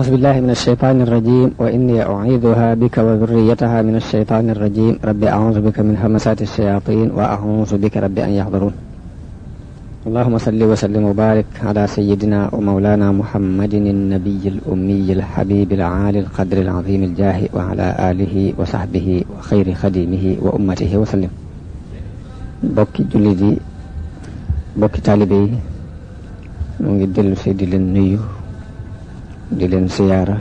أعوذ بالله من الشيطان الرجيم وإني أعيذها بك وذريتها من الشيطان الرجيم رب أعوذ بك من همسات الشياطين وأعوذ بك رب أن يحضرون اللهم صل وسلم وبارك على سيدنا ومولانا محمد النبي الأمي الحبيب العالي القدر العظيم الجاه وعلى آله وصحبه وخير خديمه وأمته وسلم بوكي جلدي بوكي طالبي نجد الفيد للنيو di leen siyaara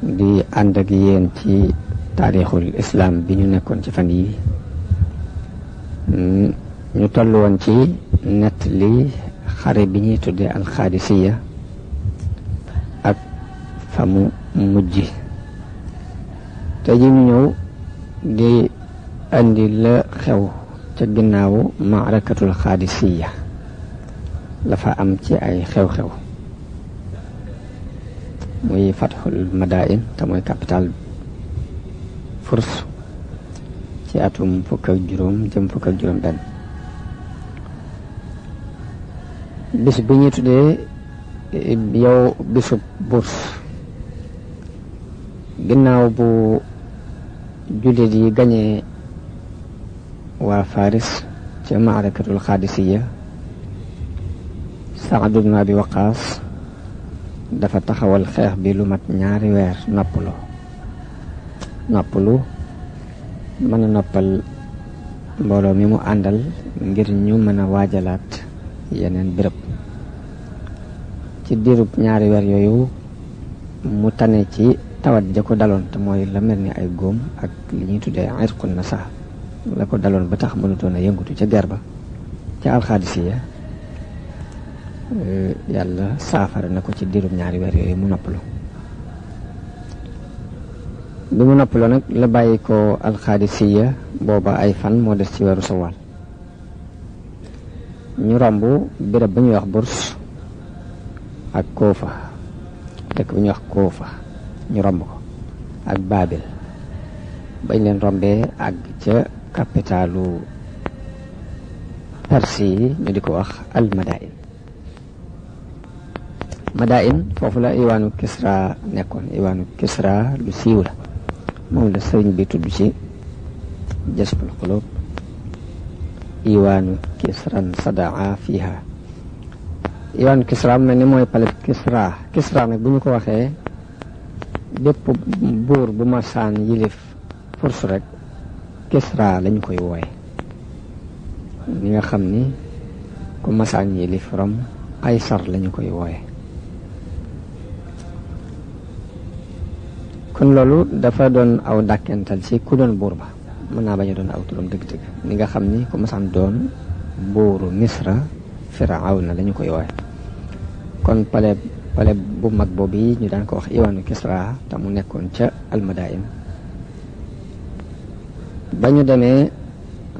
di ànd ak ci taarixul islam bi ñu nekkoon ci fan yi ñu toll woon ci nett li xare bi ñuy tuddee alxaadisiya ak fa mu mujj te ñu ñëw di andi la xew ca ginnaawu maarakatul xaadisiya la am ci ay xew-xew muy Fatxul Madain te mooy capital Furs ci atum fukk juróom jëm fukk juróom benn bis bi ñu tuddee yow bisub Bourse ginnaaw bu jullit yi gañee waa Faris ci maarakatul Xaadisiya Saad ibn Abi Waqaas dafa taxawal xeex bi lu mat ñaari weer noppalu noppalu mën a noppal mbooloo mi mu àndal ngir ñu mën a waajalaat yeneen bërëb ci diirub ñaari weer yooyu mu tane ci tawat ja ko daloon te mooy la mel ni ay góom ak li ñuy tuddee irqun na sax la ko daloon ba tax mënutoon a yëngutu ca ger ba ca alxaadisiya Eh, yàlla saafara na ko ci diiru ñaari weer yooyu mu noppalu bi mu noppaloo nag la bàyyi ko alxaadisiya booba ay fan moo des ci weru sawaal ñu romb béréb bu ñuy wax burs ak koofa dëkk bu ñuy wax koofa ñu romb ko ak baabil bañ leen rombee ak ca capitalu perse yi ñu di ko wax almadain Madain fofu la iwanu Kisra nekkoon iwanu Kisra lu siiw la moom la sëriñ bi tudd ci jasbul xulub iwanu Kisran sadaa fiha Iwan Kisra mel ne mooy palet Kisra Kisra nag bu ñu ko waxee bépp buur bu yilif force rek Kisra lañ koy woy ni nga xam ni ku masaan yilif rom Kaysar lañu koy kon loolu dafa doon aw dàkkental ci ku doon buur ba mën naa a doon aw turam dëgg ni nga xam ni ku masam doon buuru misra firawna lañu koy wooye kon pale bu mag boobu ñu daan ko wax iwaanu kisra te mu nekkoon ca almadain ba ñu demee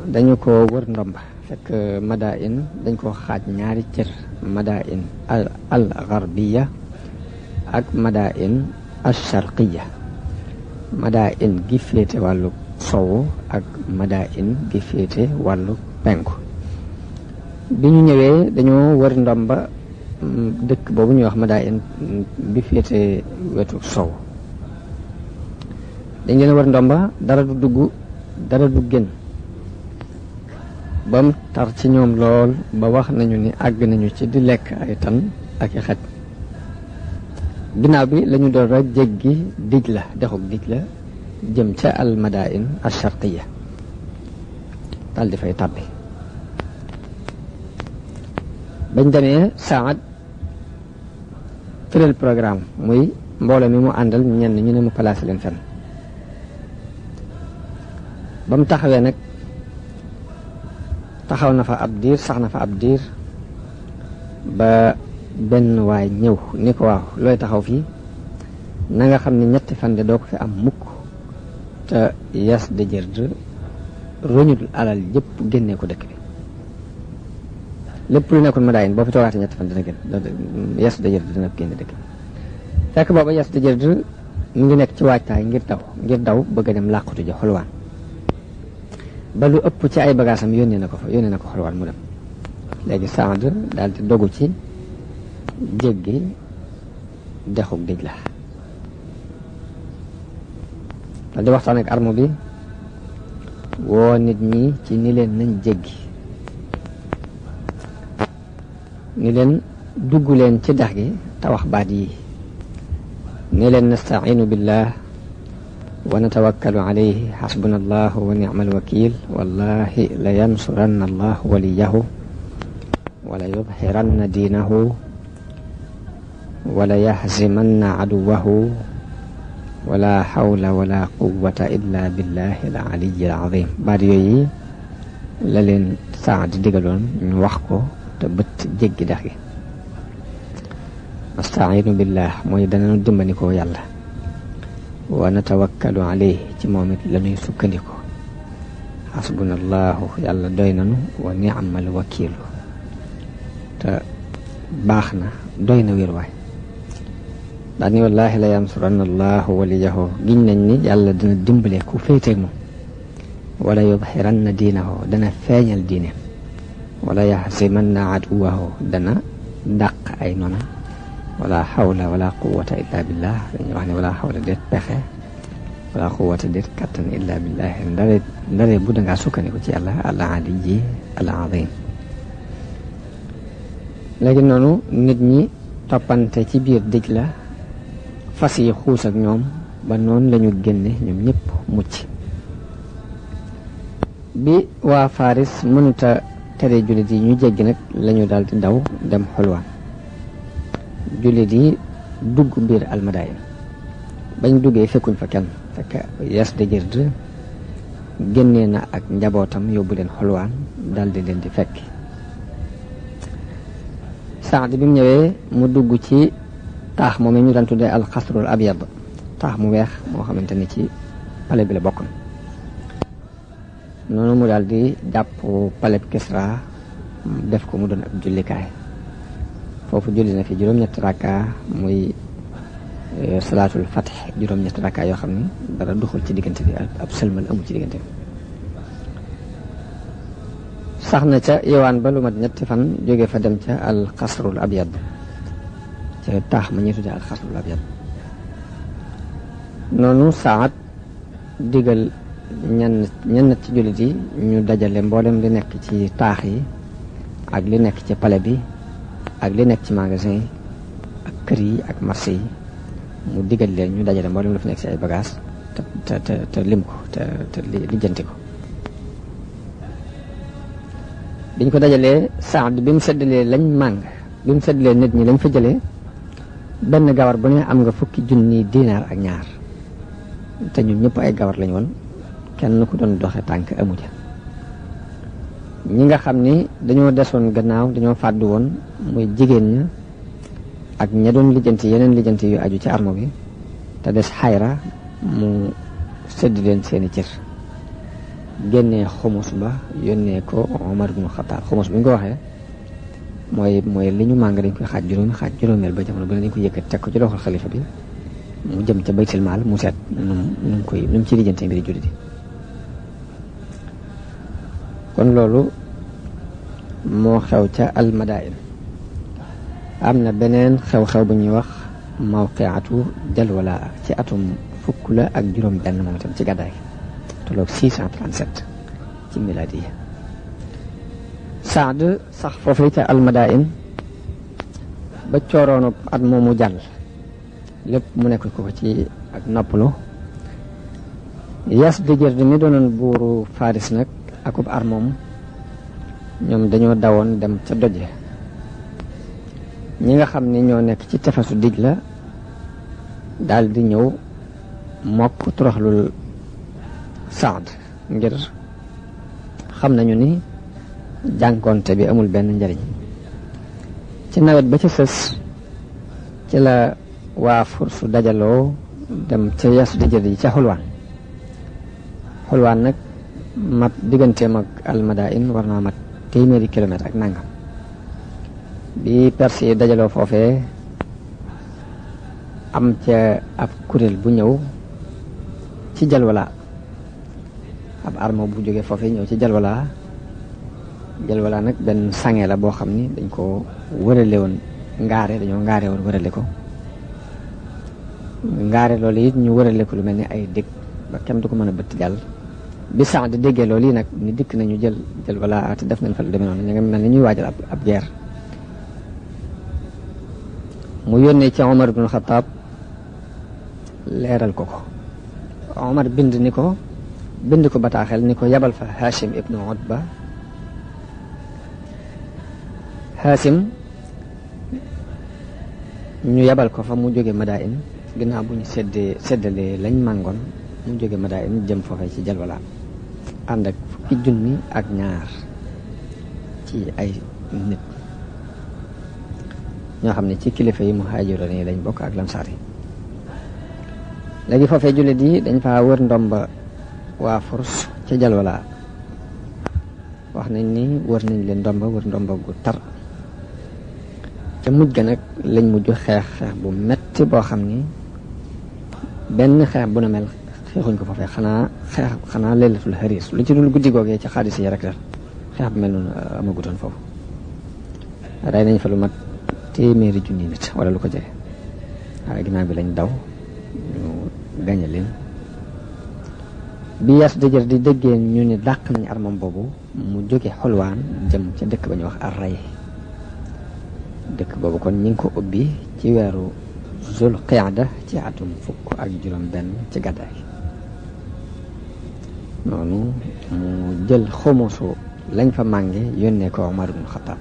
dañu ko ndomba ndomb fekk madain dañ ko xaaj ñaari cër madain al al garbiya ak madain al sharqiya madaa in gi féete wàllu sowu ak madaa in gi féete wàllu penku bi ñu ñëwee dañoo wër ndomba mm, dëkk boobu ñuy wax madaa in mm, bi féete wetu sowu dañ leen wër ndomba dara du dugg dara du génn ba mu tar ci ñoom lool ba wax nañu ni àgg nañu ci di lekk ay tan ak i xet ginnaaw bi la ñu doon rek jéggi la dexug dij la jëm ca almadain alsharqiya daal di fay tàbbi bañ demee saad tëral programme muy mbooloo mi mu àndal ñenn ñu ne mu placé leen ba mu taxawee nag taxaw na fa ab diir sax na fa ab diir ba benn waay ñëw ni ko waaw looy taxaw fii na nga xam ne ñetti fan de doo ko fi am mukk te yas de jërd roñul alal yëpp génnee ko dëkk bi lépp lu nekkul ma daayin boo fi toogaatee ñetti fan dina génn yas de jërd dina génne dëkk bi fekk booba yas de jërd mu ngi nekk ci waajtaay ngir daw ngir daw bëgg dem làqutu ji xolwaan ba lu ëpp ci ay bagaasam yónnee na ko fa yónnee na ko xolwaan mu dem léegi Saad daal di dogu ci géej gi dexu géej la da di waxtaan ak arme bi woo nit ñi ci ni leen nañ jéggi ni leen dugg leen ci dex gi te wax baat yi ni leen nastaciinu billah wa natawakkalu alayhi xasbuna allah wa nicma alwakil wallahi la yansuranna allah waliyahu wala yudhiranna diinahu ولا يهزمن عدوه ولا حول ولا قوة إلا بالله العلي العظيم بعد يوي للين سعد دقلون من وحكو تبت جيج دخي أستعين بالله ميدان ندمنكو يلا ونتوكل عليه تمامت لني سكنكو حسبنا الله يلا ديننا ونعم الوكيل تباخنا دين ويرواي daal ni wallaahi la yansuranna allahu waliyahu giñ nañ ni yàlla dina dimbale ku wala yudhiranna diinahu dana feeñal diine wala yaxsimanna aduwahu dana dàq ay nona wala xawla wala quwata illa billah dañuy wala xawla déet pexe wala quwata déet kattan illa billah ndare ndare bu dangaa sukkandiku ci yàlla al aliyyi al azim toppante ci biir dëj la fas yi xuus ak ñoom ba noonu lañu génne ñoom ñëpp mucc bi waa Faris mënuta tere jullit yi ñu jéggi nag lañu daal di daw dem xulwaan jullit yi dugg mbir almadayin bañ duggee fekkuñ fa kenn fekk yas de génnee na ak njabootam yóbbu leen xulwaan daal di leen di fekk saad bi mu ñëwee mu dugg ci taax moom ñu daan tuddee alxasrul abyad taax mu weex moo xamante ni ci pale bi la bokk noonu mu daal di jàpp pale bi Kisra def ko mu doon ab jullikaay foofu julli na fi juróom-ñetti rakka muy euh, salaatu fatih juróom-ñetti rakka yoo xam ne dara duxul ci diggante bi ab sëlmal amul ci diggante bi sax na ca yowaan balu mat ñetti fan jóge fa dem ca al xasrul abyad ca eh, taax ma ñu tuddee alxaslul abyad noonu saat digal ñenn ñenn ci jullit yi ñu dajale mboolem li nekk ci taax yi ak li nekk ci pale bi ak li nekk ci magasin yi ak kër ak marché yi mu digal leen ñu dajale mboolem lu fi nekk ci ay bagages te te lim ko te te lijjanti ko. biñ ko dajalee saat bi mu seddalee lañ màng bi mu seddalee nit ñi lañ fa jëlee. benn gawar bu ne am nga fukki junni dinaar ak ñaar te ñun ñëpp ay gawar lañ woon kenn ku doon doxe tànk amu ja ñi nga xam ni dañoo desoon gannaaw dañoo fàddu woon muy jigéen ña ak ña doon lijjanti yeneen lijjanti yu aju ci armo bi te des xayra mu sëdd leen seeni cër génnee xumus ba yónnee ko Omar ibnu Xataab xumus bi ko waxee moy moy liñu màng dañ koy xaj juroom xaj juroomel ba jamono bu dañ koy yëkkat teg ko ci loxol khalifa bi mu jëm ci baytul mal mu set nu mu koy nu ci lijeenté mbiri jullit kon lolu mo xew ca al madain amna benen xew-xew bu ñuy wax mawqiatu jalwala ci atum fukula ak juróom ben mo tam ci gaday tolok 637 ci milaadi saad sax foofu ca almadain ba cooroonu at moomu jàll lépp mu nekk ko ci ak noppalu yas di jër di mi doonoon buuru faris nag akub armoom ñoom dañoo dawoon dem ca doje ñi nga xam ni ñoo nekk ci tefesu dij la daldi ñëw mokk toroxlul saad ngir xam nañu ni jànkonte bi amul benn njariñ ci nawet ba ca sës ci la waa fursu dajaloo dem ca yasu di yi ca xulwaan mat digganteem ak almadain war naa mat téeméeri kilomètre ak nangam bi persi yi dajaloo foofee am ca ab kuréel bu ñëw ci jalwala ab armo bu jógee foofee ñëw ci jalwala jalwala nak ben sange la bo xamni dañ ko wërale won ngaré dañu ngaré won wërale ko ngaré lolé yit ñu wërale ko lu melni ay dégg ba kenn du ko mën bëtt jàll bi sax di déggee loolu yi ni dikk nañu jël jël wala te def nañ fa lu demee noonu ñu nga ñuy waajal ab ab guerre mu yonne ci Omar ibn Khattab léral ko ko Omar bind ni ko bind ko bataaxel ni ko yabal fa Hashim ibn Utba xaasim ñu yebal ko fa mu jóge mada ginnaaw bu ñu seddee seddalee lañ màngoon mu jóge Madain jëm foofee ci jalwalaan ànd ak fukki junni ak ñaar ci ay nit ñoo xam ne ci kilifa yi mu xaajiroon yi lañ bokk ak lamsaar yi léegi foofee jullit yi fa wër ndomba waa furs ci jalwalaa wax nañ ni wër nañ leen ndomba wër ndomba gu tar ca mujj ga nag lañ mujj xeex xeex bu metti boo xam ni benn xeex bu na mel xeexuñ ko foofee xanaa xeex xanaa leelatul xaris lu ci dul guddi googee ci xaalis yi rek la xeex bu mel noonu uh, toon foofu rey nañ fa lu mat téeméeri junni nit wala lu ko jege waaye ginnaaw bi lañ daw ñu gañe leen bi yas dëjër di déggee ñu ni dàq nañ armam boobu mu jóge xolwaan jëm ca dëkk ba ñu wax ar ray دك بابا كون نينكو اوبي تي ويرو زول قيادة تي عاتم فوك اك جرام بن تي غدا نونو مو جيل خوموسو لاج فا مانغي يوني كو عمر بن الخطاب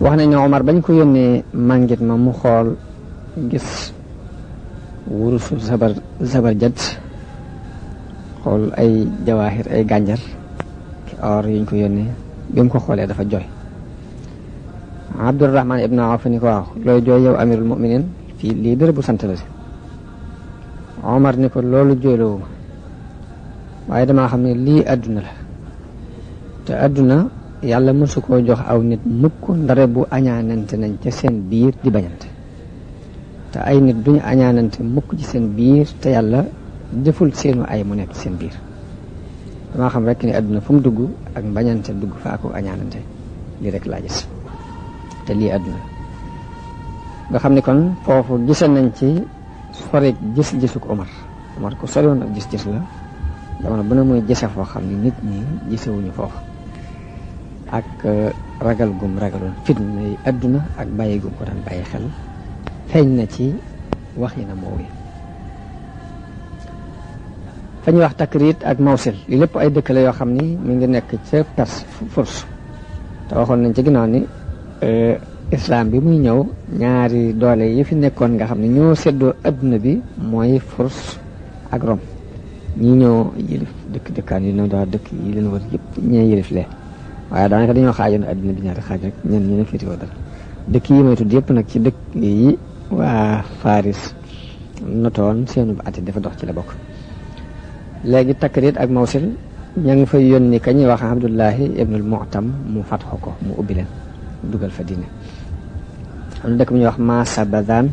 واخنا ني عمر بن كو يوني مانغيت ما مو خول غيس ورسو زبر زبر جت خول اي جواهر اي غانجر اور يينكو يوني بيم كو خولي دا فا جوي abdurahman ibnu awf ni ko waaw looy jooy yow amirul muminin fii lii dër bu sant la si omar ni ko loolu jooylowuma waaye damaa xam ne lii àdduna la te àdduna yàlla mësu koo jox aw nit mukk ndare bu añaanante nañ ca seen biir di bañante te ay nit duñu añaanante mukk ci seen biir te yàlla deful seenu ay mu nekk ci seen biir damaa xam rekk ni àdduna fu mu dugg ak mbañante dugg fa ak añaanante lii rek laa gis te lii àdduna nga xam ne kon foofu gise nañ ci sori gis-gisuk Omar Omar ku soriwoon ak gis-gis la jamono bu ne muy gise foo xam ne nit ñi gisewuñu foofu ak uh, ragal gum ragaloon fitna yi àdduna ak bàyyi gum ko daan bàyyi xel feeñ na ci waxina moo wi fa ñuy wax takrit ak mawsil li lépp ay dëkk la yoo xam ni mu ngi nekk ca Perse Furs te waxoon nañ ci ginnaaw ni Euh, islam bi muy ñëw ñaari doole yi fi nekkoon nga xam ne ñoo seddoo adduna bi mooy force ak Rome ñi ñëw yëlif dëkk dëkkaan yi ñoo daal dëkk yi leen war yëpp ñee yëlif lee waaye daanaka dañoo xaajoon adduna bi ñaari xaaj rek ñen ñu ne féeti dara dëkk yi may tudd yëpp nag ci dëkk yi waa Faris notoon seenu ba ati dafa dox ci la bokk léegi Takrit ak Mawsil ña ngi fay ni ka ñuy wax Abdullahi ibnul Mu'tam mu fatxo ko mu ubbi leen dugal fa diine am na dëkk bu ñuy wax Massa Bazan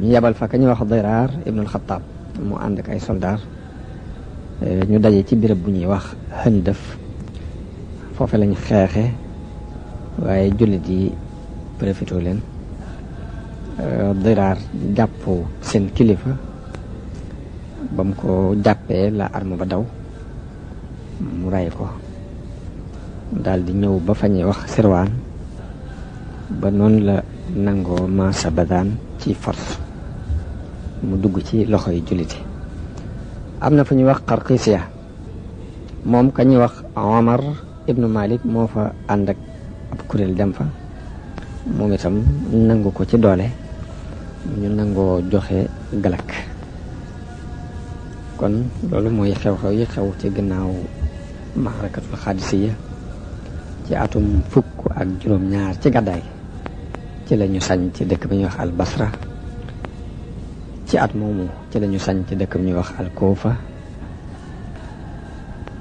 ñu yebal fa ka ñuy wax Diraar ibnul Xattaab mu ànd ay soldaar eh, ñu daje ci béréb bu ñuy wax Handëf foofe lañ xeexe waaye jullit yi profité leen eh, Diraar jàpp seen kilifa bam mu ko jàppee la arme ba daw mu ray ko daal di ñëw ba fañe wax sirwaan ba noonu la nangoo maasa badaan ci force mu dugg ci loxo yi julliti am na fu ñuy wax Qarqisiya moom ka ñuy wax Omar ibnu Malik moo fa ànd ab kuréel dem fa moom itam nangu ko ci doole ñu nangoo joxe galak kon loolu mooy xew-xew yi xew ci gannaaw maxarakatul xaadisiya ci atum fukk ak juróom-ñaar ci gàddaay ci la ñu sañ ci dëkk bi ñuy wax al basra ci at moomu ci la ñu sañ ci dëkk bi ñuy wax al koofa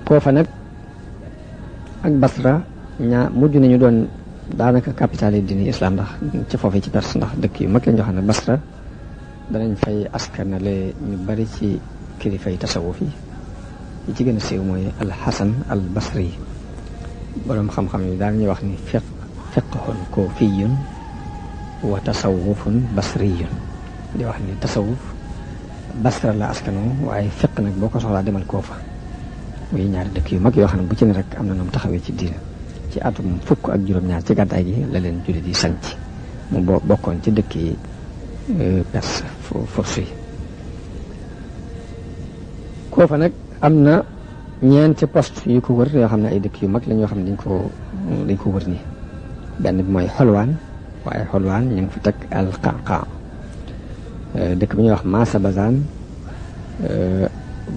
koofa nag ak basra ñaar mujj nañu doon daanaka capital yi dini ndax ci foofu ci perse ndax dëkk yu mag la ñu xam ne basra danañ fay askanale ñu bari ci kilifay tasawuf yi yi ci gën a siiw mooy al xasan al basri بروم خم خم يداني وخني فقه فقه كوفي وتصوف بصري دي وخني تصوف بصر لا اسكنو واي فقه نك بوكو سوخلا ديمال كوفا وي نيار دك يو ماك يو خن رك امنا نوم تخاوي سي دين سي اتوم فك اك جوروم نيار سي غداي جي لا لين جولي دي سانتي مو بوكون سي دكي آه، بس فورسي كوفا نك امنا ñeenti poste yu ko wër yoo xam ne ay dëkk yu mag lañ yoo xam dañ ko dañ ko wër nii benn bi mooy xolwaan waaye xolwaan ñu ngi fa teg alqaqa dëkk bi ñuy wax Massa Bazaan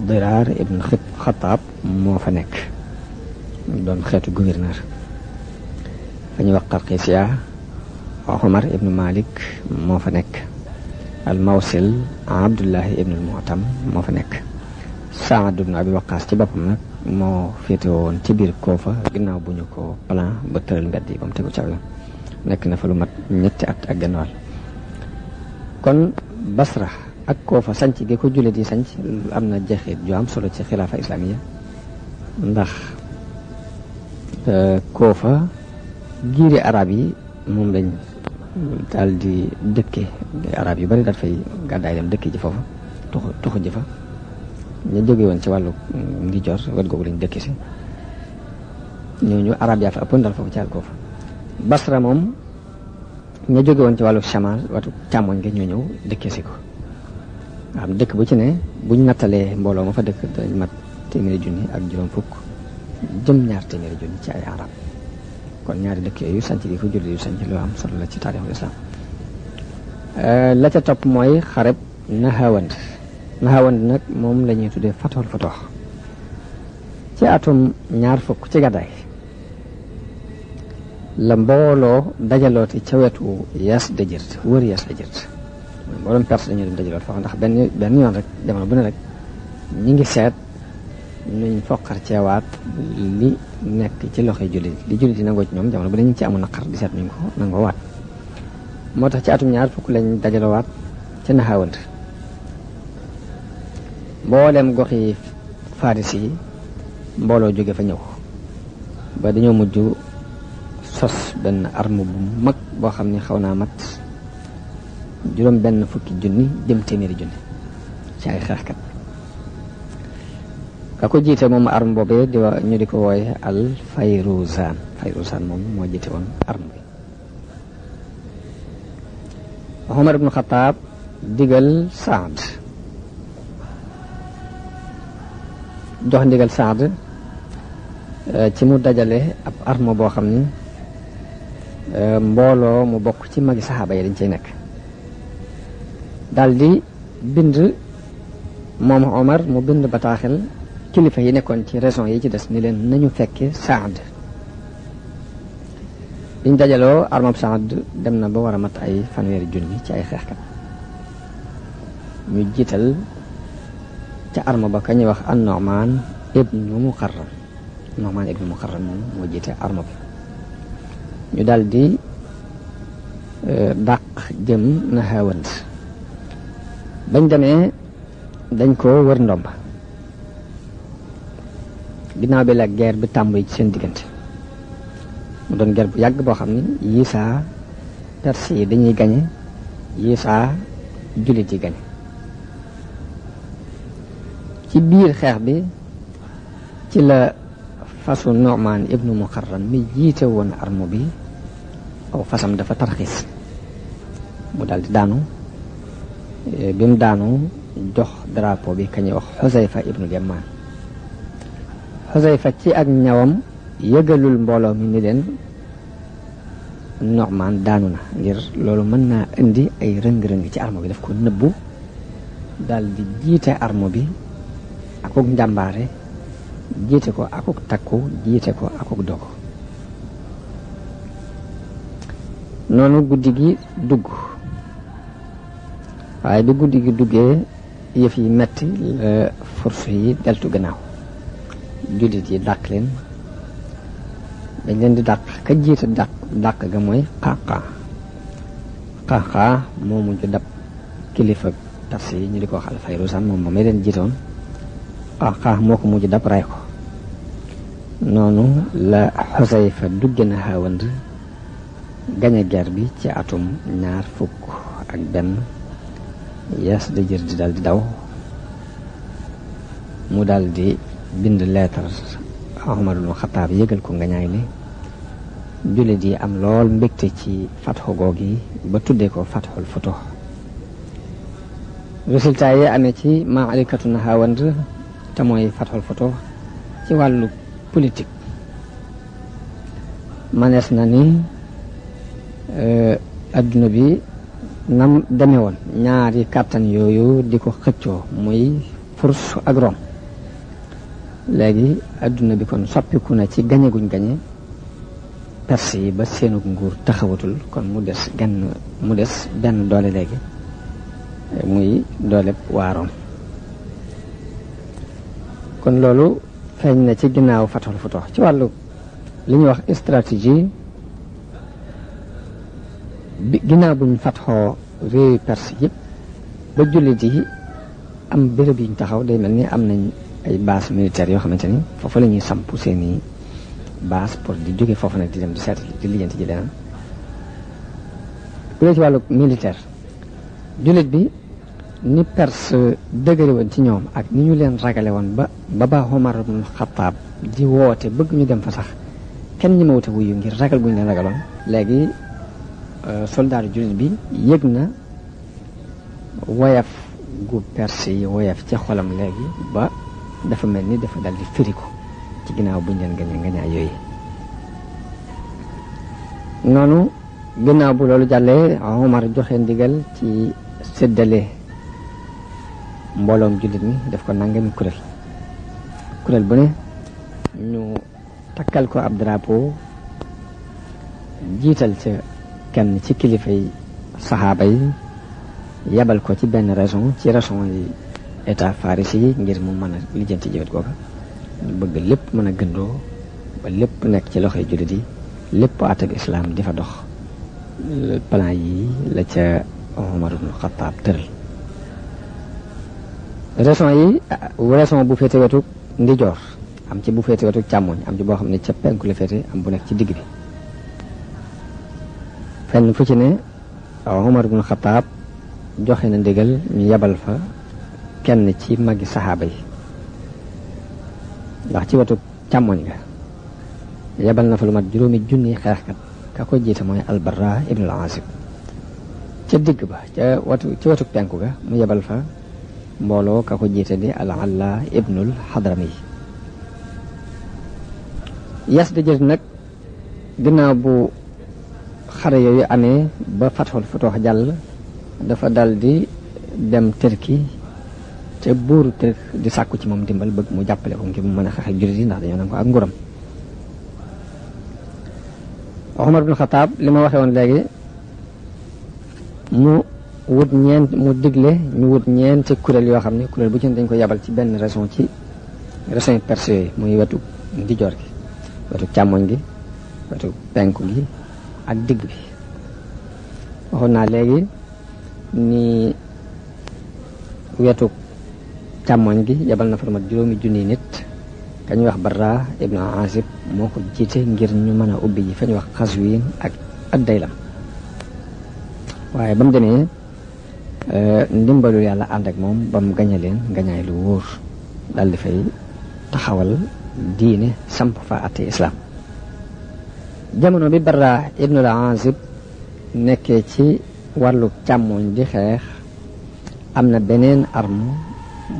Dirar ibn Xataab moo fa nekk doon xeetu gouverneur fa ñuy wax Qarqisia Omar ibn Malik moo fa nekk al Mawsil Abdullahi ibn al Mu'tam moo fa nekk Saad ibn Abi Waqaas ci boppam nag moo féete woon ci biir Koofa ginnaaw bu ñu ko plan ba tëral mbedd ba mu tegu ci aw nekk na fa lu mat ñetti at ak genn wàll kon Basra ak Koofa sanc gi ko jullit yi sanc am na jeexit ju am solo ci xilaafa islaamiya ndax e, Koofa giiri arab yi moom lañ daal di dëkke arab yu bari daal fay gàddaay dem dëkke ji foofu tuxu tuxu ñu jóge woon ci wàllu mm, ndijoor wet googu lañ dëkk si ñooñu arab yaa fa ëppoon dal foofu ci ko fa basra moom ña jóge ci wàllu chamal watu càmmoñ nga ñoo ñëw dëkkee si ko am dëkk bu ci ne buñ nattalee mbooloo ma fa dëkk dañ mat téeméeri junni ak juróom fukk jëm ñaar téeméeri junni ci ay arab kon ñaari dëkk yooyu sanc bi ko julli yu sanc loo am solo la ci taarixul islam euh, la ca topp mooy xareb nahawand naxawande nag moom lañuy ñuy tuddee fatool fatoox ci atum ñaar fukk ci gàddaay la mbooloo dajalooti ca wetu yas dëjërt wër yas dëjërt mbooloom perse dañu dem dajaloot foofu ndax benn benn yoon rek jamono bu ne rek ñi ngi seet nuñ foqar ceewaat li nekk ci loxoy jullit li jullit yi nangoo ci ñoom jamono bu ne ñu ci amul naqar di seet nuñ ko nangoo waat moo tax ci atum ñaar fukk lañ dajalowaat ca naxawante mboolem goxi faris mbooloo jóge fa ñëw ba dañoo mujj sos benn arme bu mag boo xam ne xaw naa mat juróom benn fukki junni jëm téeméeri junni ci ay xeexkat ka ko jiite moom arme boobee di ñu di ko wooye al fayruzaan fayruzaan moom moo jiite woon arme bi Omar ibnu Xataab digal Saad jox ndigal Saad euh, ci mu dajale ab armo boo xam ni euh, mbooloo mu bokk ci magi saxaaba yi dañ cay nekk daldi bind moom Omar mu bind bataaxel kilifa yi nekkoon ci raison yi ci des ni leen nañu fekke Saad biñ dajaloo armab Saad dem na ba war a mat ay fanweeri junni ci ay xeexkat mu jiital ca armo ba ka wax an Nu'man ibnu Muqarram Nu'man ibnu Muqarram moom moo jiite arme bi ñu daldi e, dàq jëm Nahawand bañ demee dañ ko wër ndomba ginnaaw bi la guerre bi tàmbali ci seen diggante mu doon guerre bu yàgg boo xam ne yiisaa perse yi dañuy gañe yiisaa jullit yi gañe ci biir xeex bi ci la fasu Nu'man ibnu Muqarran mi jiite woon arme bi aw fasam dafa tarxis mu daldi di daanu bi mu daanu jox drapeau bi kañuy wax Xusayfa ibnu Yamaan Xusayfa ci ak ñawam yëgalul mbooloo mi ni leen Nu'man daanu na ngir loolu mën naa indi ay rëng-rëng ci arme bi daf ko nëbbu daldi di jiite arme bi akuk njàmbaare jite ko akuk takku jite ko akuk dogo nonu guddigi gi dugg waaye bi guddi gi duggee yëf yi metti la eh, forfait yi deltu gannaaw jullit yi dàq leen dañ leen di dàq ka jiite dàq dàq ga mooy xaaxaa xaaxaa moo mujj dab kilifa tafsi ñu di ko wax alfayru sam moom ba may leen jiitoon xaax moo ko mujj dab ray ko noonu la Xusayfa dugge na xawand gañe guerre bi ci atum ñaar fukk ak benn yees da jër di dal daw mu daldi bind leetar Umar ibn yëgal ko ngañaay li jullit yi am lool mbégte ci fatxu googu yi ba tuddee ko fatxul futuux te mooy fathul foto ci wàllu politique mënees na ni àdduna euh, bi nam demee woon ñaari kàttan yooyu di ko xëccoo muy Furs ak Rome léegi àdduna bi kon soppiku na ci gañe guñ gañe perse yi ba seenug nguur taxawatul kon mu des genn mu des benn doole léegi muy doole waa Rome kon loolu feeñ na ci ginnaaw fatul futox ci wàllu li ñuy wax stratégie ginnaaw buñ fatxoo réewi perse yëpp ba jullit yi am bërëb yiñ taxaw de mel ni am nañ ay base militaire yoo xamante ni foofu lañuy ñuy samp seeni baas pour di jóge foofu nag di dem di seet di lijjanti ji leneen bu dee ci wàllu jullit bi ni perse dëgëre woon ci ñoom ak ni ñu leen ragale woon ba ba ba Omar ibn Xattaab di woote bëgg ñu dem fa sax kenn ñi ma wute wuyu ngir ragal bu ñu leen ragaloon léegi euh, soldaar jullit bi yëg na woyaf gu perse yi woyaf ci xolam léegi ba dafa mel ni dafa dal di firi ko ci ginnaaw buñ leen gañe ngañaa yooyu noonu ginnaaw bu loolu jàllee Omar joxe ndigal ci séddale mbooloom jullit mi def ko nangami kuréel kuréel bu ne ñu takkal ko ab drapo jiital ca kenn ci kilifa kilifay saxaaba yi yebal ko ci benn région ci région yi état farisi ngir mu mën a lijjanti jëwet googa ñu bëgg lépp mën a gëndoo ba lépp nekk ci loxoy jullit yi lépp atab islam di dox plan yi la ca Umar ibn tëral raison yi euh, raison bu féete wetu ndijoor am ci bu féete wetu càmmoñ am ci boo xam ne ca penku la féete am bu nekk ci digg bi fenn fu ci ne Omar ibn Xataab joxe na ndigal ñu yebal fa kenn ci magi saxaaba yi ndax ci wetu càmmoñ ga yebal na fa lu mat juróomi junni xeexkat ka ko jiite mooy Albarra ibn al ca digg ba ca wetu ci wetu penku ga mu yebal fa mbooloo ka ko jiite di al alla ibnul yas di jët nag ginnaaw bu xare yooyu amee ba fatxul futoox jàll dafa dal di dem tërki te buuru tërk di sàkku ci moom dimbal bëgg mu jàppale ko ngir mu mën a xeex ak jullit yi ndax dañoo nangu ko ak nguram Omar bin Xataab li ma waxee woon léegi mu wut ñeent mu digle ñu wut ñeenti kuréel yoo xam ne kuréel bu ci ne dañ ko yabal ci benn région ci région perse yooyu muy wetu ndijoor gi wetu càmmoñ gi wetu gi ak digg bi waxoon naa léegi ni wetu càmmoñ gi yabal na farmat juróomi juni nit kañu wax Barra ibnu Azib moo ko jiite ngir ñu mën a ubbi ji fa ñu wax Xaswiin ak ak Daylam waaye ba demee Eh, ndimbalu yàlla ànd ak moom ba mu gañe lu wóor daal di fay taxawal diine samp fa atti islaam jamono bi Barra ibnul Aazib nekkee ci wàllu càmmoñ di xeex amna na beneen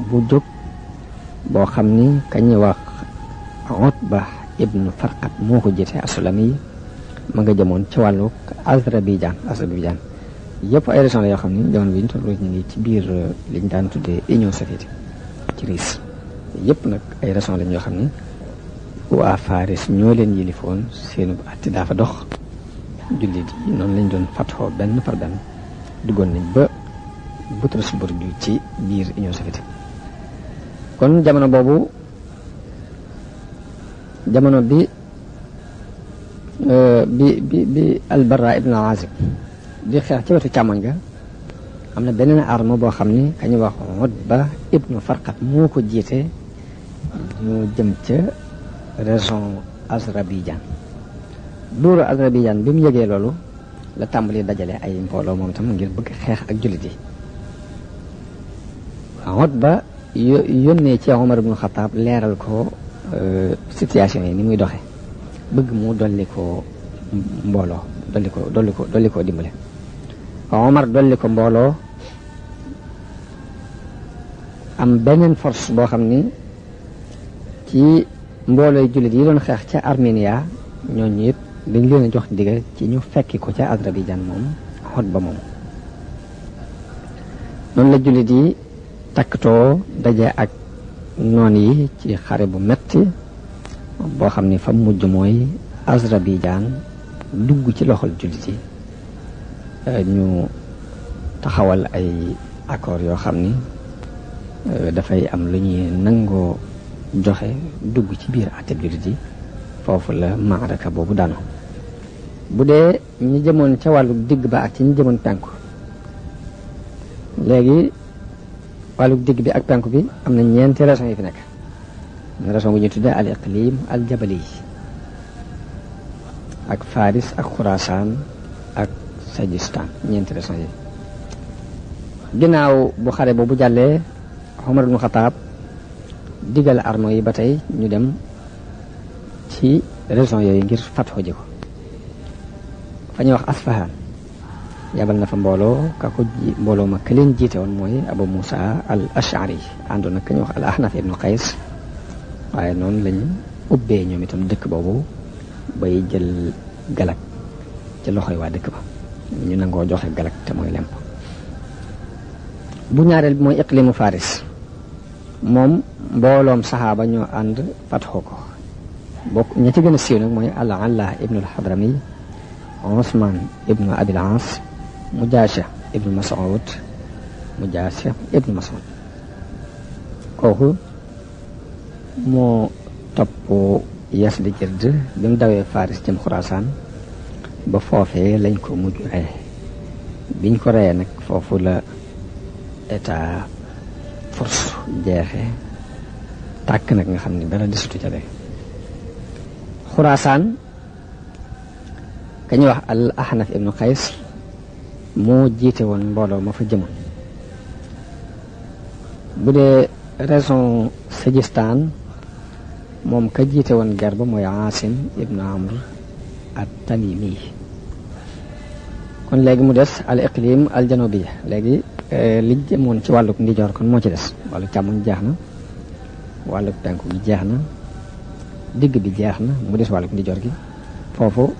bu jóg boo xam ni wax Utba ibnu Farqat moo ko jite asulami ma nga jëmoon ci wàllu Azerbaïdjan Azerbaïdjan yépp ay région la yoo xam ni jamono bi ñu toll ñu ngi ci biir euh, liñ daan tuddee union soviétique ci Russie yépp nag ay région la yoo xam ni waa Faris ñoo leen yilifoon seenu atti dafa dox jullit yi noonu lañ doon fatxoo benn par benn duggoon nañ ba Pétersbourg bi ci biir union soviétique kon jamono boobu jamono bi euh, bi bi bi Al-Barra ibn Azib di xeex ca wetu càmmoñ ga am na beneen arme boo xam ni kañu wax Utba ibnu Farqat moo ko jiite ñu jëm ca région Azerbaïdjan duuru Azerbaïdjan bi mu yëgee loolu la tàmbali dajale ay mbooloo moom tam ngir bëgg xeex ak jullit yi Utba yónnee ci Omar ibnu Xataab leeral ko euh, situation yi ni muy doxe bëgg mu dolli ko mbooloo dolli ko dolli ko dolli ko dimbale Omar dolli ko mbooloo am beneen force boo xam ni ci mboolooy jullit yi doon xeex ca Armenia ñooñu it dañ leen a jox digg ci ñu fekki ko ca Azerbaïdjan moom xot ba moom noonu la jullit yi takktoo daje ak noon yi ci xare bu metti boo xam ni fa mujj mooy Azerbaïdjan dugg ci loxol jullit yi ñu taxawal ay accord yoo xam ni euh, dafay am lu ñuy nangoo joxe dugg ci biir àtte jullit yi foofu la maaraka boobu daanu bu dee ñu jëmoon ca wàllu digg ba ak ci ñu jëmoon penku léegi wàllu digg bi ak penku bi am na ñeenti raison yi fi nekk raison bu ñu tuddee al iqlim al jabali ak faris ak xuraasaan Sajistan ñeenti régions yi ginnaaw bu xare boobu jàllee Omar ibn Khattab digal armo yi ba tey ñu dem ci régions yooyu ngir fatxo ji ko fa wax Asfahan yabal na fa mbooloo ka ko mbooloo ma ka leen jiite woon mooy Abu Musa al Ash'ari àndoon nag ka ñuy wax al Ahnaf ibnu Qays waaye noonu lañu ubbee ñoom itam dëkk boobu bay jël galak ci loxoy waa dëkk ba ñu nangoo joxe galak te mooy lemp bu ñaareel bi mooy iqlimu faris moom mbooloom saxaaba ñoo ànd fatxu ko bokk ña ci gën a siiw nag mooy al allah ibnu al hadrami osman ibnu abil ans mujaasha ibnu masaud mujaasha ibnu masaud kooku moo topp yes di jëdd bi mu dawee faris jëm xuraasaan ba foofee lañ ko mujj rey biñ ko reyee nag foofu la état force jeexe tàkk nag nga xam ne dara desitu ca de xuraasaan ka wax al ahnaf ibnu qays moo jiite woon mbooloo ma fa jëmoon bu dee raison sajistaan moom ka jiite woon garba mooy aasim ibnu amr at-Tamimi kon léegi mu des al iqlim al janubi léegi euh, li jëmoon ci wàlluk ndijoor kon moo ci des wàllu càmmoñ jeex na wàlluk penku bi jeex na digg bi jeex na mu des wàlluk ndijoor gi foofu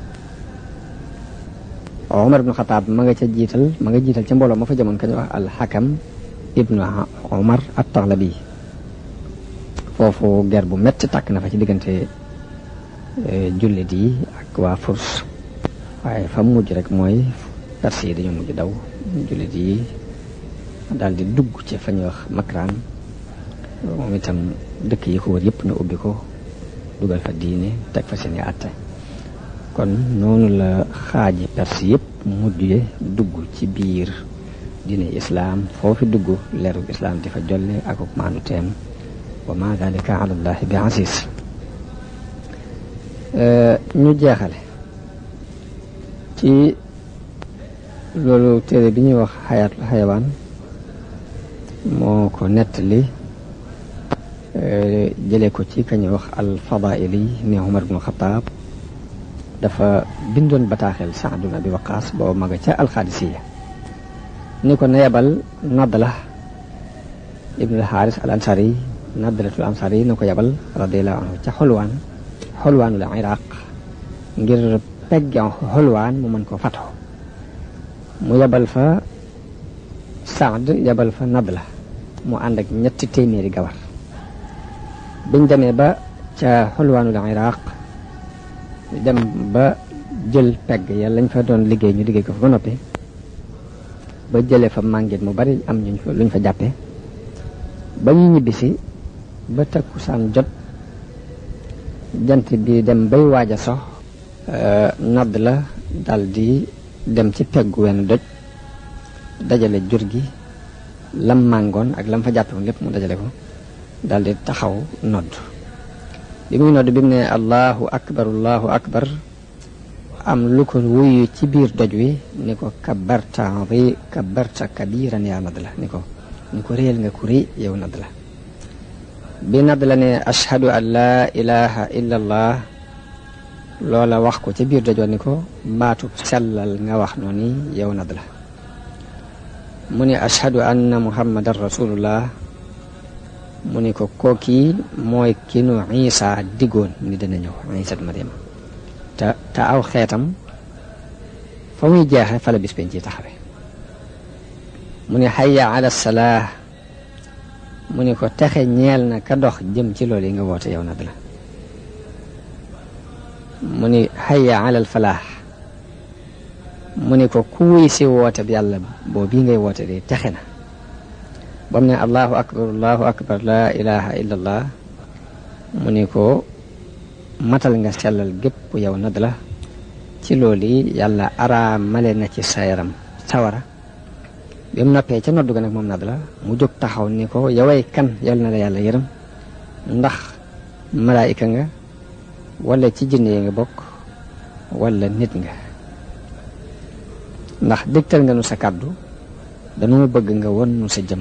Omar ibnu Xataab ma nga ca jiital ma nga jiital ci mbooloo ma fa jamoon kañu wax al xakam ibnu Omar at-Taxlabi foofu ger bu metti takk na ci diggante euh, jullit yi ak waa Furs waaye fa mujj rek mooy perse yi dañoo mujj daw jullit yi daal di dugg ci fa wax Makran moom itam dëkk yi ko wër yëpp ñu ubbi ko dugal fa diine teg fa seeni àtte kon noonu la xaaji perse yëpp mujjee dugg ci biir diine islaam foofi dugg leeru islaam di fa jolle ak maanu teem wa ma dalika ala bi aziz Euh, ñu jeexale ci loolu téere bi ñuy wax xayaatul xayawaan moo ko nettali euh, jëlee ko ci kañuy wax al fadaili ne Umar ibnu Xataab dafa bindoon bataaxel Saad ibn Abi Waqaas boo maga ca alxaadisiya ni ko neyebal Nadla ibnul Xaaris al ansari Nadlatul ansari na ko yebal radiallahu anhu ca xolwaan holwan la iraq ngir peggam ya holwan mu man ko fato mu yabal fa sa'd yabal fa nadla mu andak ak ñetti téméri gawar biñ démé ba ca holwan la iraq dem ba jël pegg ya lañ fa doon liggéey ñu liggéey ko fa noppé ba jëlé fa mu bari am ñu luñ fa jappé ba ñi ñibisi ba takusan jot jant bi dem bay waaj so euh, nodd la daldi dem ci peggu wenn doj dajale jur gi lam màngoon ak lam fa jàppewoon lépp mu dajale ko daldi taxaw nodd bi muy nodd bi mu ne allahu akbar akbar am lu ko wuyu ci biir doj wi ni ko kabarta kabarta kabiran yaa nodd la ni ko ni ko réel nga ku rëy yow nodd la bi nadd la ne ashhadu an laa ilaha illa allah loola wax ko ca biir dajoon ni ko baatub sellal nga wax noonu yow nadd la mu ni ashhadu anna muhammadan rasulullah mu ni ko kookii mooy ki nu Isa diggoon ni dina ñëw Isa Mariama te aw xeetam fa muy jeexe fala bis penci taxawe mu ni hayya ala salah mu ne ko texe ñeel na ka dox jëm ci loolu yi nga woote yow nag la mu ni hayya alal falaax mu ni ko ku wuy si woote bi yàlla boo bii ngay woote texe na ba mu ne allahu akbar allahu akbar illa allah mu ni ko matal nga sellal gépp yow nag la ci loolu yi yàlla araamale na ci sa yaram sawara bi mu noppee ca noddu ga nag moom mu jog taxaw ni ko yaway kan yal na la yàlla yërëm ndax malaika nga wala ci jinne nga bok wala nit nga ndax dégtal nga nu sa da nu bëgg nga won nu sa jëm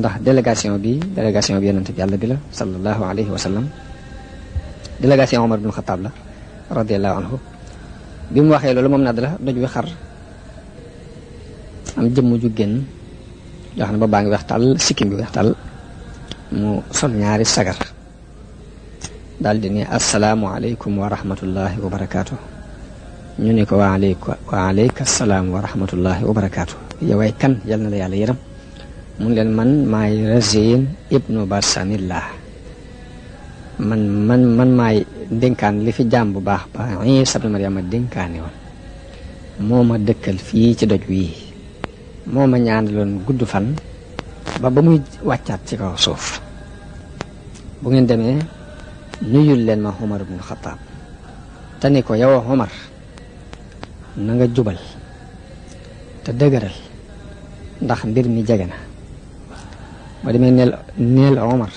ndax délégation bi délégation bi yonent bi yalla bi la sallallahu alayhi wa sallam délégation Omar bin khattab la radiyallahu anhu bi mu waxee loolu moom doj wi xar am jëm ju genn yoo xam ne ba baa ngi tal bi mu sol ñaari sagar daal di ne asalaamualeykum wa rahmatullahi wa barakaatu ñu ne ko wa aleyka wa aleyka salaam wa rahmatullahi wa barakaatu yowaay kan yal na la yàlla leen man maay razin ibnu barsanillah man man man maay dénkaan li fi jaam bu baax ba isa ibnu mariama dénkaane woon moo ma dëkkal fii ci doj wii moo ma ñaanaloon gudd fan ba ba muy wàccaat ci kaw suuf bu ngeen demee nuyul leen ma Omar ibn Khattab te ni ko yow Omar na nga jubal te dëgëral ndax mbir mi jege na demee neel neel Omar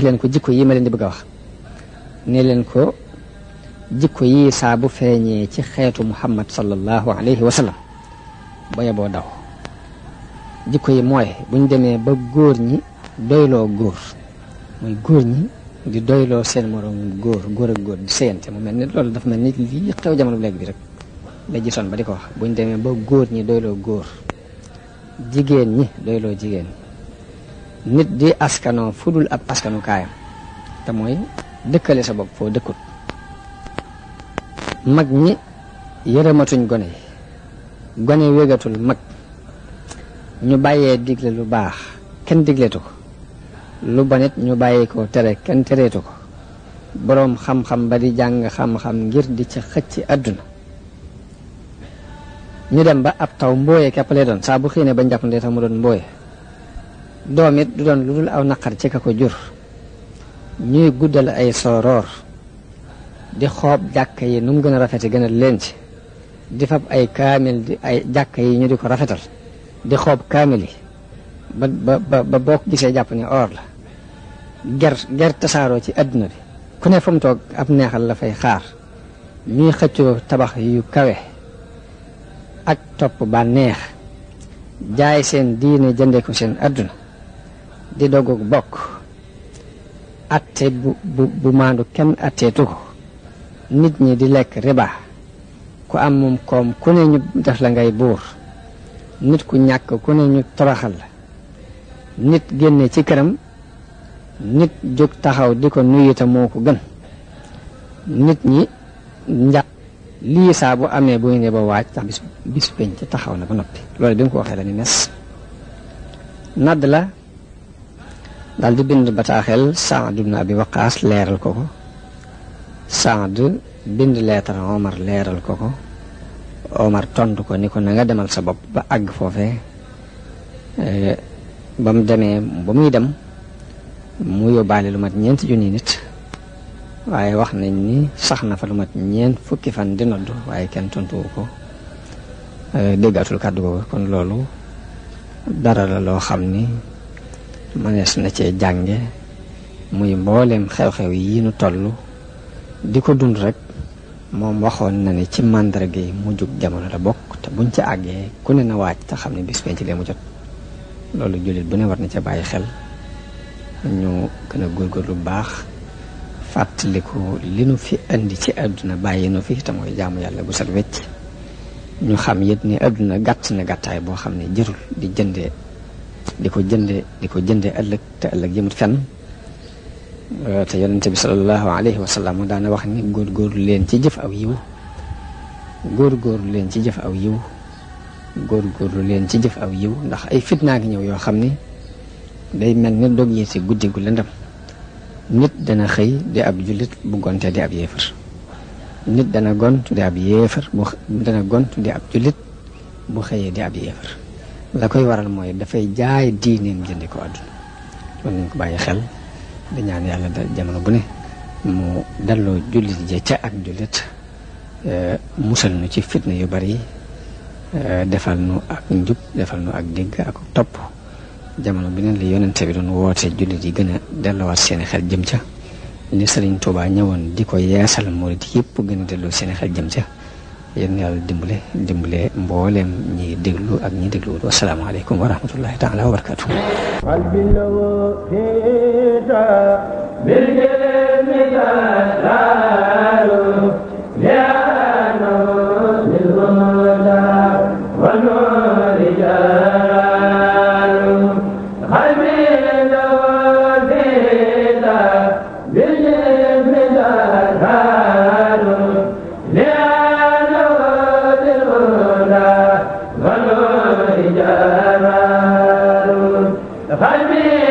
leen ko jikko yi ma leen di bëgg wax ne leen ko jikko yi saa bu feeñee ci xeetu Muhammad sallallahu alayhi wa sallam ba yeboo daw jikko yi mooy buñ demee ba góor ñi doyloo góor mooy góor ñi di doyloo seen moroom góor góor ak góor di séyante mu mel ni loolu dafa mel nit lii xew jamono bu léegi bi rek la gisoon ba di ko buñ demee ba góor ñi doyloo góor jigéen ñi doyloo jigéen nit di askanoo fu dul ab askanu kaayam te mooy dëkkale sa bopp foo dëkkut mag ñi yërëmatuñ gone gone wégatul mag ñu bàyyee digle lu baax kenn digleetu ko lu bonit ñu bàyyi ko tere kenn tereetu ko boroom xam-xam ba di jàng xam-xam ngir di ci xëcc àdduna ñu dem ba ab taw mbooye képp lay doon saabu bu xiinee ba njàppandee tax mu doon mbooye doom du doon lu dul aw naqar ci ka ko jur ñuy guddal ay soroor di xoob jàkk yi nu mu gën a rafete gën a leen ci di fab ay kaamil di ay jàkk yi ñu di ko rafetal di xoob kaamil yi ba ba ba boo gisee jàpp ne or la ger ger tasaaroo ci adduna bi ku ne fa ab neexal la fay xaar ñuy xëccoo tabax yu kawe ak topp bànneex neex jaay seen diine jëndee ko seen adduna di dogu bokk atte bu maandu kenn atteetu ko nit ñi di lekk riba ku am mom kom ku ne ñu def la ngay bur nit ku ñak ku ne ñu toraxal nit genné ci këram nit jog taxaw di ko nuyu ta moko gën nit ñi nja li sabu bu amé bu ne ba waaj tax bis bis ci taxaw na ba noppi loolu bi ko waxé la ni mes nadd la dal di bind bataaxel sa'd ibn Abi waqas leral ko ko sa'd bind lettre Omar leral ko ko Omar tontu ko ni ko na nga demal sa bopp ba àgg foofe eh, ba mu demee ba muy dem mu yóbbaale lu mat ñeenti junni nit waaye wax nañ ni sax na fa lu mat ñeent fukki fan di noddu waaye kenn tontuwu ko eh, déggatul kàddu ko kon loolu dara la loo xam ni mënees na cee jànge muy mbooleem xew-xew yi nu toll di ko dund rek moom waxoon na ni ci màndarga mu mujjug jamono la bokk te buñ ca àggee ku ne na waaj te xam ne bis ci dee mu jot loolu jullit bu ne war na ca bàyyi xel ñu gën a góorgóorlu bu baax fàttaliku li nu fi indi ci àdduna bàyyi nu fi te mooy jaamu yàlla gu sat wecc ñu xam yit ni àdduna gàtt na gàttaay boo xam ne jërul di jëndee di ko jënde di ko jëndee ëllëg te ëllëg yëmut fenn te yonente bi sallallahu alayhi wa sallam daana wax ni góorgóorlu leen ci jëf aw yiw góorgóorlu leen ci jëf aw yiw góorgóorlu leen ci jëf aw yiw ndax ay fitnaa ngi ñëw yoo xam ni day mel ni dog yi si guddi gu lëndëm nit dana xëy di ab jullit bu gonte di ab yéefar nit dana gont di ab jullit bu xëyee di ab yéefar la koy waral mooy dafay jaay diineem jëndi ko àdduna loolu nañ ko bàyyi xel di ñaan yàlla da jamono bu ne mu dalloo jullit ja ca ak jullit e, musal nu ci fitna yu bari e, defal nu ak njub defal nu ak dégg ak topp jamono bi ne la yonente bi doon woote jullit yi gën a delloowaat seeni xel jëm ca li Sëriñ Tuubaa ñëwoon di ko yeesal moo yëpp gën a delloo seeni xel jëm ca yéen yàlla dimbale dimbale mbooleem ñi déglu ak ñi déglu wul asalaamaaleykum wa rahmatullahi taala wa barakaatu albilawo Let me